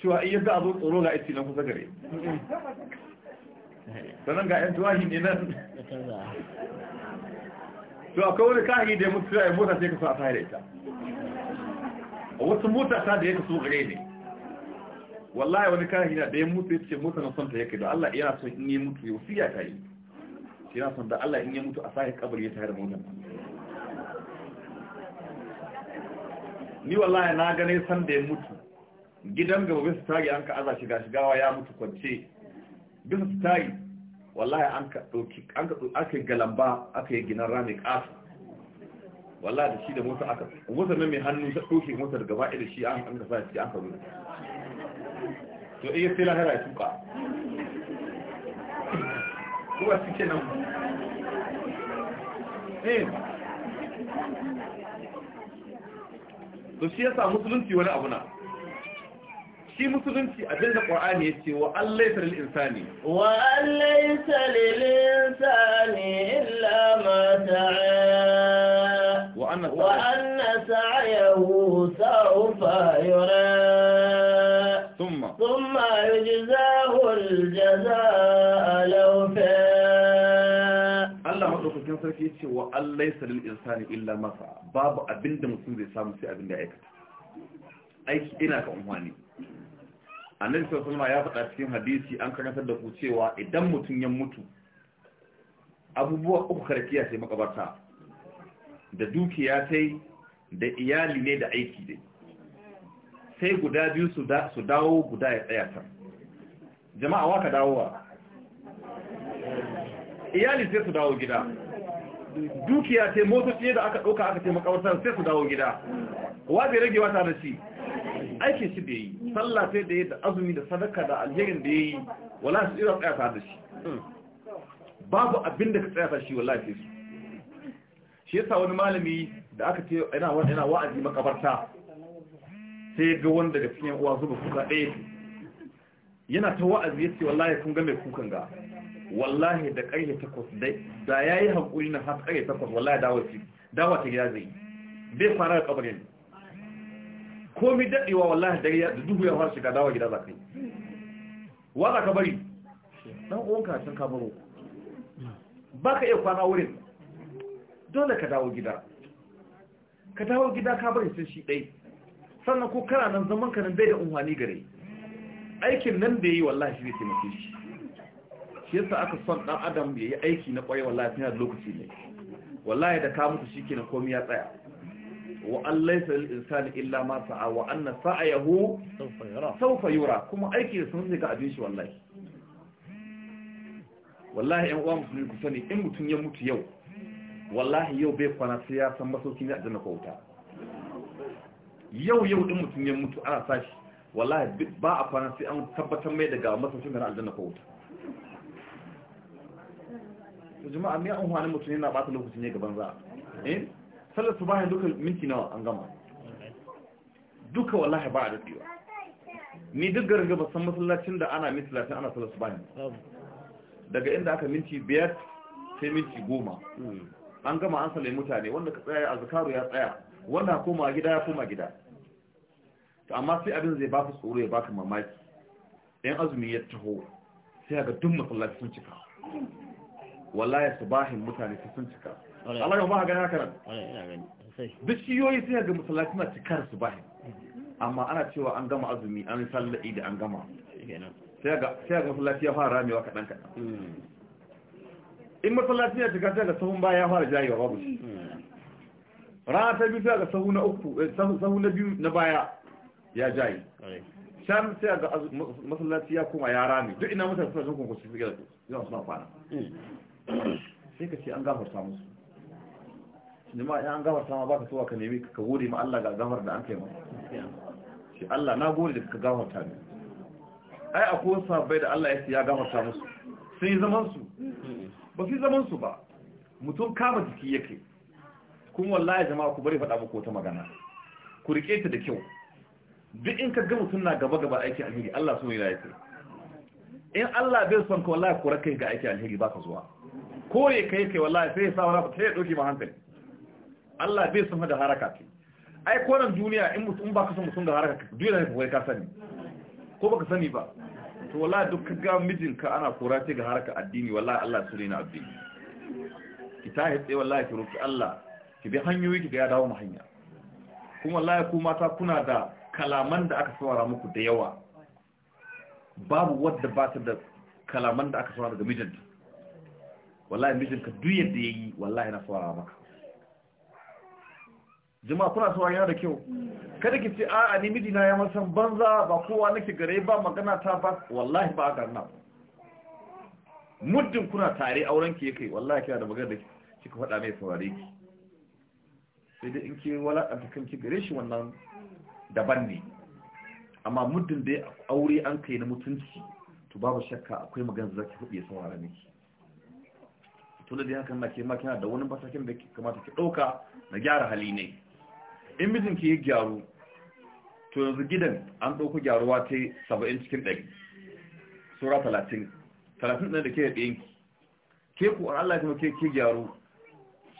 cewa iya za a zo tsoro ga ici na kusa gare sannan ga yan tuwahi ne nan to akwai wani kahi da ya mutu ya mota sai ka so a tare da ita wasu mota ta da ya ka so gare ne wallahi wani kahi na da ya mutu ya ce mota na son ta yake da Allah yana son in yi mutu ya wasiya ta yi yana son da Allah in yi mutu a sahi kabar ya tare da motar ni wallahi na ganin san da ya mutu gidan gaba bisa tari an ka aza shiga shigawa ya mutu kwance bisa tari wallahi an ka ɗauki an ka aka yi galamba aka yi ginar rami ƙasa wallahi da shi da mota aka motar nan mai hannu ta ɗauke mota da gaba da shi an ka sa shi an ka zo to iya sai lahira ya tuka kuma suke nan eh to shi yasa musulunci wani abu na shi musulunci a dinda qur'ani yace wa allaysa lil insani wa allaysa lil insani illa ma sa'a wa anna wa anna sa'ayahu sa'fa yura thumma thumma yujzahu al jazaa law fa Allah madaukakin sarki yace wa allaysa lil insani illa ma sa'a babu abinda mutum zai samu sai abinda da aikata aiki ina ka umwani annabi sallallahu alaihi ya faɗa cikin hadisi an karantar da ku cewa idan mutum ya mutu abubuwa uku karkiya sai makabarta da dukiya sai da iyali ne da aiki dai sai guda biyu su dawo guda ya tsaya ta jama'a waka dawowa iyali sai su dawo gida dukiya sai motoci da aka ɗauka aka ce makabarta sai su dawo gida wa bai rage wata da shi aikin shi da yi sallah sai da yi da azumi da sadaka da alherin da yi wala su ira tsaya da shi hmm. babu abin da ka tsaya shi wala sai su shi yasa wani malami da aka ce yana wani yana wa'azi makabarta sai ya ga wanda daga cikin uwa zuba kuka ɗaya yana ta wa'azi ya ce wallahi kun ga mai kukan ga wallahi da ƙarfe takwas da ya yi haƙuri na har ƙarfe takwas wallahi dawo shi ta gida zai bai fara ƙabarin komi daɗewa wallahi dare ya da duhu ya fara shiga dawa gida za ka yi wa za ka bari ɗan uwanka sun ka baro ba ka iya kwana wurin dole ka dawo gida ka dawo gida ka bari sun shi ɗai sannan ko kana nan zaman ka nan bai da unhwani gare aikin nan da yi wallahi shi zai taimake shi shi yasa aka son ɗan adam ya yi aiki na ƙwaye wallahi tana da lokaci ne wallahi da ka mutu shi kenan komi ya tsaya wa an laysa lil insani illa ma sa'a wa anna sa'ayahu sawfa yura kuma aiki da sun sai ga abin shi wallahi wallahi in uwa musulmi ku sani in mutum ya mutu yau wallahi yau bai kwana sai ya san masauki ne a dana kwauta yau yau din mutum ya mutu ana sashi wallahi ba a kwana sai an tabbatar mai daga masaukin na aljanna kwauta jama'a mai an hwani mutum yana bata lokaci ne gaban za a eh? sallar su bayan duka minti nawa an gama duka wallahi ba a daɗewa ni duk garga ba san masallacin da ana minti latin ana sallar su bayan daga inda aka minti biyar sai minti goma an gama an sallai mutane wanda ka tsaya a zakaru ya tsaya wanda koma gida ya koma gida to amma sai abin zai baka tsoro ya baka mamaki ɗan azumi ya taho sai ga duk masallaci sun cika wallahi bahin mutane sun cika Allah ya ba gani haka nan duk yoyi sai ga masallaci na cikar su bayan amma ana cewa an gama azumi an sallaɗi da an gama sai ga masallaci ya fara ramewa kaɗan kaɗan hmm. in masallaci ya cika sai ga sahun baya ya fara jayewa babu shi hmm. rana ta biyu sai ga sahu na uku eh, sahu na biyu na baya ya jaye can sai ga masallaci ya koma ya rame duk ina mutane suna jin kunkunci su gida suna fara hmm. sai ka ce an gafarta musu jama'a an gafar sama baka so ka nemi ka gode ma Allah ga gafar da an kai maka shi Allah na gode da ka gafarta ni ai akwai sabai da Allah ya ce ya gafarta musu sun yi zaman su ba su zaman su ba mutum kama jiki yake kun wallahi jama'a ku bari faɗa muku wata magana ku rike ta da kyau duk in ka ga mutum na gaba gaba aiki alheri Allah sun yi yake in Allah bai son ka wallahi ku rakai ga aiki alheri baka zuwa ko ya kai kai wallahi sai ya sa wani ta ya doke ma hankali Allah bai san da haraka ce ai ko nan duniya in mutum ba ka san mutum da haraka duniya ne kawai ka sani ko baka sani ba to wallahi duk ga mijinka ana kora ce ga haraka addini wallahi Allah sune na addini ki ta hitse wallahi ki roki Allah ki bi hanyoyi ki ga ya dawo mahanya hanya kuma wallahi ku mata kuna da kalaman da aka saurara muku da yawa babu wadda ba ta da kalaman da aka saurara daga mijinta wallahi mijinka duk yadda yayi wallahi na saurara maka jama'a kuna saurari yana da kyau kada ki ce a'a ni mijina ya masan banza ba kowa nake gare ba magana ta ba wallahi ba ga nan muddin kuna tare auren ki kai wallahi kina da magana da kika faɗa mai saurare ki sai dai in ki kan ki gare shi wannan daban ne amma muddin da aure an kai na mutunci to babu shakka akwai magana ki hudu ya saurara miki to da hakan na ke ma kina da wani matakin da kamata ki ɗauka na gyara hali ne in mijinki ya gyaru to yanzu gidan an ɗauku gyaruwa ta saba'in cikin ɗari sura talatin talatin ɗin da ke da ɗayanki ke ku an Allah kuma ke ke gyaru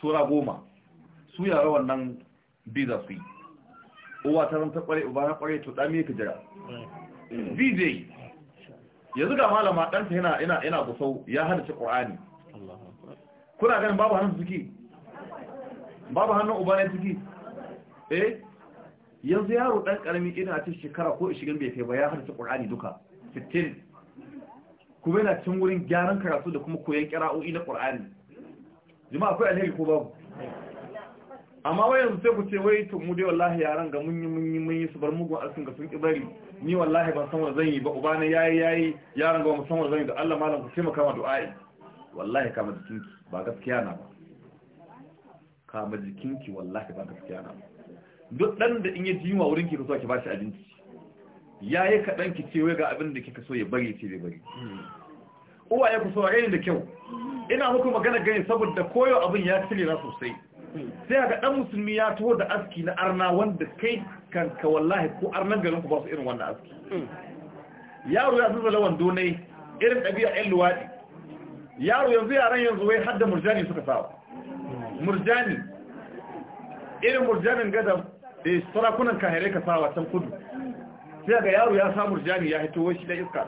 sura goma su yara wannan biza za su yi uwa ta zanta ƙware uba na ƙware to ɗami ka jira dj yanzu ga malama ɗanta yana yana yana busau ya haddace ƙur'ani kuna ganin babu hannun suke babu hannun uba ne suke eh yanzu yaro dan karamin ina cin shekara ko 20 bai kai ba ya harta Qur'ani duka 15 kuma yana cin wurin gyaran karatu da kuma koyon kira'o'i na Qur'ani jama'a akwai alheri ko babu amma wai yanzu sai ku ce wai to mu dai wallahi yaran ga mun yi mun yi mun yi su bar mugun alfin ga sun ki bari ni wallahi ban san wa zan yi ba uba na yayi yayi yaran ga mu san wa zan yi da Allah malam ku taimaka ma du'a'i wallahi kama jikinki ba gaskiya na ba kama jikinki wallahi ba gaskiya na ba duk dan da in ya ji yunwa wurin ki zuwa ki bashi abinci ya yi kaɗan ki ce wai ga abin da kika so ya bari ce bai bari uwa ya kusa wa'ayi da kyau ina muku magana gani saboda koyo abin ya cire na sosai sai ga dan musulmi ya taho da aski na arna wanda kai kan ka wallahi ko arnan garin ku ba su irin wannan aski yaro ya zuba lawan donai irin ɗabi'a ɗan luwaɗi yaro yanzu yaran yanzu wai hadda murjani suka sawa murjani irin murjanin gada eh sarakunan kahire ka sa wasan kudu sai ga yaro ya samu jami ya hito shi da iska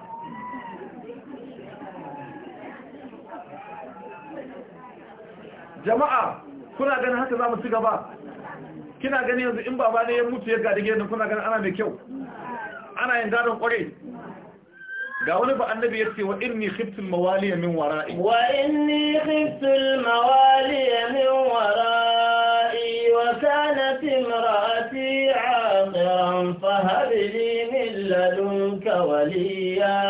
jama'a kuna ganin haka za mu ci gaba kina gani yanzu in baba ne ya mutu ya gadi gidan kuna ganin ana mai kyau ana yin dadon kwarai ga wani ba annabi ya ce wa inni khiftul mawaliya min wara'i wa inni khiftul mawaliya min wara'i وليا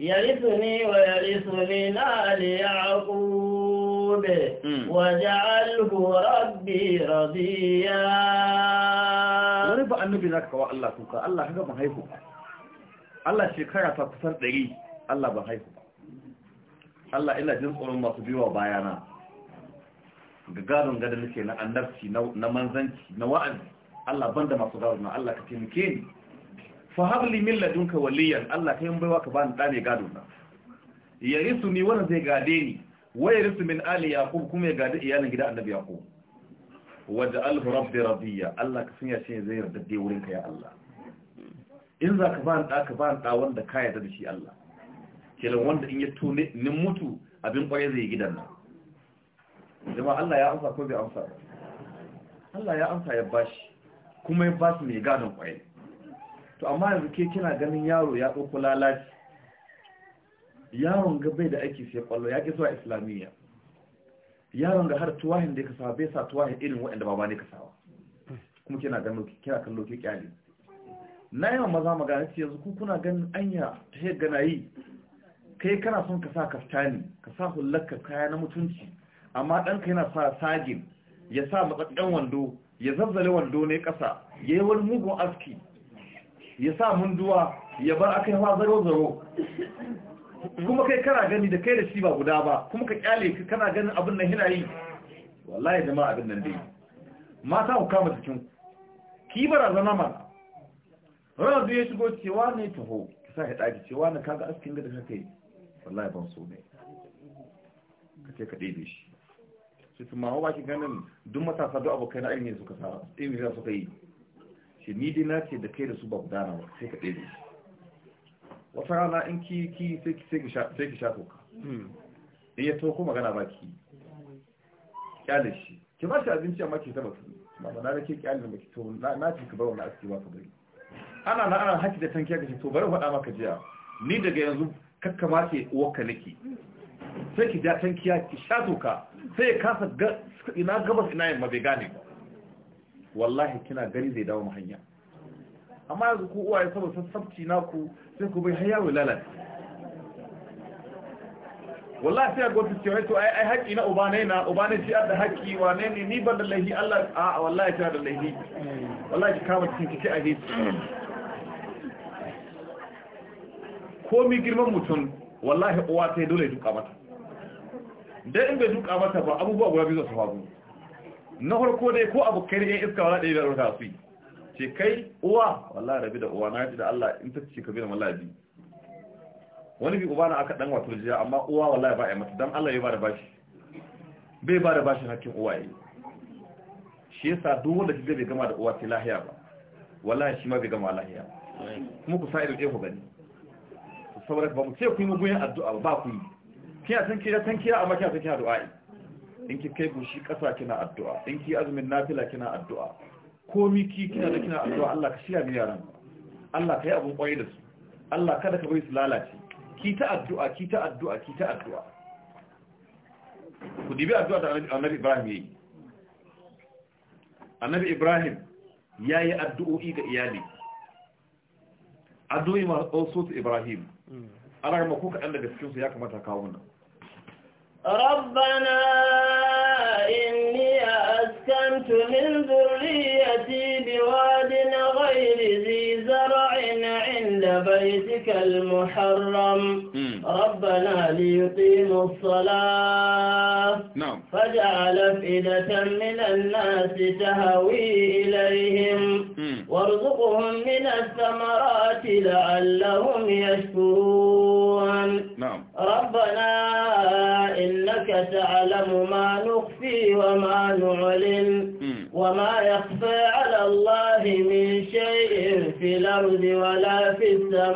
يرثني ويرث من آل يعقوب واجعله ربي رضيا wani ba annabi za ka kawo Allah kuka Allah ka ban haihu Allah shekara ta kusan ɗari Allah ban haihu ba Allah ina jin tsoron masu biyuwa bayana ga gadon gada nake na annabci na manzanci na wa'azi Allah banda masu gadon Allah ka fa habli min ladunka waliyan Allah kai baiwa ka bani da mai gado na yarisu ni wannan zai gade ni wa yarisu min ali yaqub kuma ya gade iyalin gida annabi yaqub waj'alhu rabbi radiya Allah ka sanya shi zai yarda dai wurin ka ya Allah in za ka bani da ka bani da wanda ka yarda da shi Allah kelan wanda in ya tone nin mutu abin kware zai gidan nan jama'a Allah ya amsa ko bai amsa Allah ya amsa ya bashi kuma ya bashi mai gadon kwaye to amma yanzu ke kina ganin yaro ya ɗauko lalaci yaron ga bai da aiki sai kwallo ya ƙi zuwa islamiyya yaron ga har tuwahin da ya kasawa bai sa tuwahin irin waɗanda ba ne kasawa kuma kina ganin kira kallo ke kyali na wa maza magana ce yanzu ku kuna ganin anya ta yi gana yi kai kana son ka sa kaftani ka sa hullarka kaya na mutunci amma ɗanka yana sa sagin ya sa matsatsen wando ya zazzale wando ne ƙasa ya yi wani mugun aski ya sa munduwa ya bar aka hawa zaro-zaro kuma kai kana gani da kai da shi ba guda ba kuma ka kyale kana ganin abin nan hina yi wallahi jama'a abin nan dai mata ku kama cikin ki barazana mana ranar ya shigo cewa ne taho ka sa ɗaki cewa na kaga askin da ka kai wallahi ban so ne ka ce ka ɗebe shi su ma ba ki ganin duk matasa duk abokai na irin ne suka sa irin suka yi ce ni dai na ce da kai da su ba dana ba sai ka ɗebe shi wata rana in ki ki sai ki sha toka hmm. in ya toko magana ba ki kyale shi ki ba shi abinci amma ki taba su ba na rake kyale ba ki to na ci ka bar wani aski ba ka bari ana na ana haki da tanki ka ce to bari faɗa maka jiya ni daga yanzu kakka ma ce uwarka nake sai ki ja tankiya ki sha toka sai ya kasa ina gabas ina yamma bai gane ba wallahi kina gari zai dawo mu hanya amma yanzu ku uwaye saboda sassabci ku sai ku bai hayawo lalata wallahi sai ga wata cewa to ai ai haƙi na ubane na ne shi da haƙi wa ne ni ban da laihi Allah a wallahi ta da lahi wallahi ki kama cikin kici a Ko mi girman mutum wallahi uwa sai dole ya duka mata dan in bai duka mata ba abubuwa guda biyu za su faru na farko dai ko abu kai ne iska wala dai da ruka su ce kai uwa wallahi rabi da uwa na ji da Allah in ta ce kabila wallahi wani bi uba na aka dan wato jiya amma uwa wallahi ba ai mata dan Allah ya ba da bashi bai ba da bashi hakkin uwa yi. shi yasa duk wanda kike bai gama da uwa ta lahiya ba wallahi shi ma bai gama lahiya kuma ku sai da ku gani saboda ba mu ce ku yi mugun addu'a ba ku yi kina san kira san kiya amma kina san kiya du'a'i in ki kai gushi ƙasa kina addu'a in ki azumin nafila kina addu'a komi ki kina da kina addu'a Allah ka shiya ni yaran Allah ka yi abun koyi da su Allah kada ka bari su lalace ki ta addu'a ki ta addu'a ki ta addu'a ku dibi addu'a da Annabi Ibrahim yayi Annabi Ibrahim yayi addu'o'i ga iyali addu'o'i ma sosu Ibrahim mm. ana ma ko kaɗan cikin su ya kamata kawo nan ربنا بيتك المحرم ربنا ليقيموا الصلاة نعم. فاجعل أفئدة من الناس تهوي إليهم وارزقهم من الثمرات لعلهم يشكرون نعم. ربنا إنك تعلم ما نخفي وما نعلن وما يخفى على الله من شيء في الأرض ولا في السماء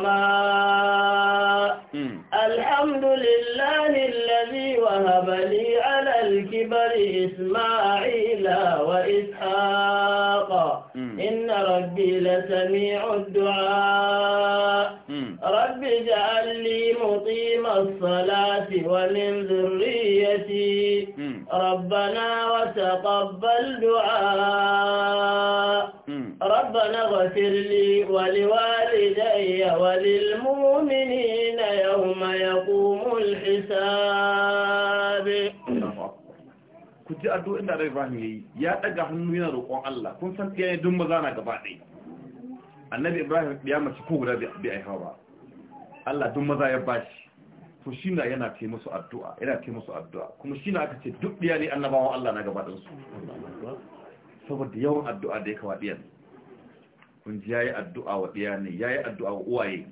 السماء الحمد لله الذي وهب لي على الكبر إسماعيل وإسحاق إن ربي لسميع الدعاء رب اجعل لي مقيم الصلاة ومن ذريتي ربنا وتقبل دعاء ربنا اغفر لي ولوالدي وللمؤمنين يوم يقوم الحساب ku ji addu'in da Ibrahim yayi ya daga hannu yana roƙon Allah kun san ɗaya ne dun mazana gaba ɗaya annabi Ibrahim ya mace ko guda bi ai ba Allah dun maza ya bashi to shi yana ce musu addu'a yana ce musu addu'a kuma shi aka ce duk biya ne annabawan Allah na gaba ɗansu saboda yawan addu'a da ya kawo ɗiyan kun ji ya yi addu'a wa ɗiya ne ya yi addu'a wa uwaye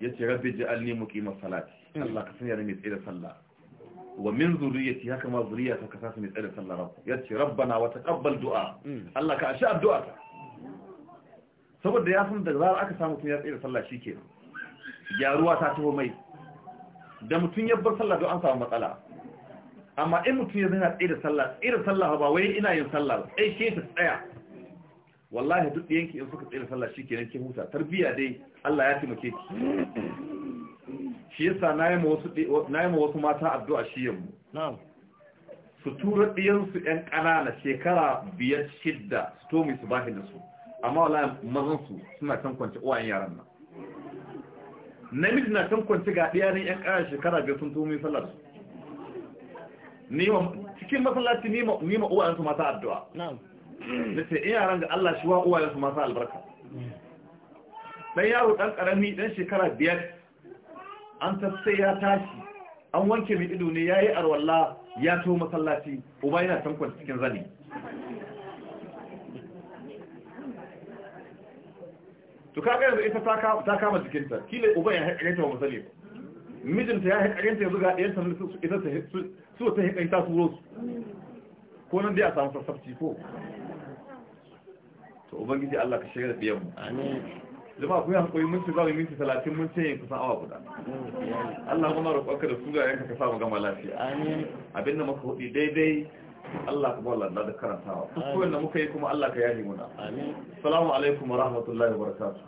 Ya ce rabbi ja'alni muqima salati hmm. Allah ka sanya ni mai tsaye da sallah wa min zurriyyati haka ma zuriyata ka sasa mai tsaye da sallah rabu yace rabbana wa taqabbal du'a hmm. Allah ka ashi addu'a saboda ya san da zarar aka samu tun ya tsaye da sallah shike gyaruwa ta taho mai da mutun ya bar sallah don an samu matsala amma in mutun ya zina tsaye da sallah tsaye da sallah ba wai ina yin sallah sai ke ta tsaya wallahi duk da yanki in suka tsira sallah shi kenan kin huta tarbiya dai Allah ya taimake ki shi yasa nayi ma wasu nayi ma wasu mata addu'a shi yammu na'am su tura diyan su ƙanana shekara biyar shidda su to mu su bahi da su amma wallahi mazan su suna kan kwance uwayen yaran nan namiji na kan kwance ga ɗiyarin ƴan ƙanana shekara biyar sun to mu sallar su cikin masallaci ni ma uwayen su mata addu'a na'am da ce in eh, yaran ga Allah shi wa uwayensu masu albarka ɗan yaro ɗan ƙarami ɗan shekara biyar an sai ya tashi an wanke mai ido ne ya yi arwalla ya to masallaci uba yana tankon cikin zane to kaga yanzu ita ta kama jikinta kila uba ya haƙarenta wa musali mijinta ya ta yanzu ga ɗayan sanar ita su ta ta su rosu ko nan dai a samu sassafci ko to ubangiji Allah ka shigar da biyan mu amin jama'a kun yi hakuri mun ci zamu minti 30 mun ce kusan awa guda Allah muna roƙonka da suga yanka ka samu gama lafiya amin abinda muka hudi daidai Allah ka bala da karantawa kuskure da muka yi kuma Allah ka yaji muna amin assalamu alaikum wa rahmatullahi wa barakatuh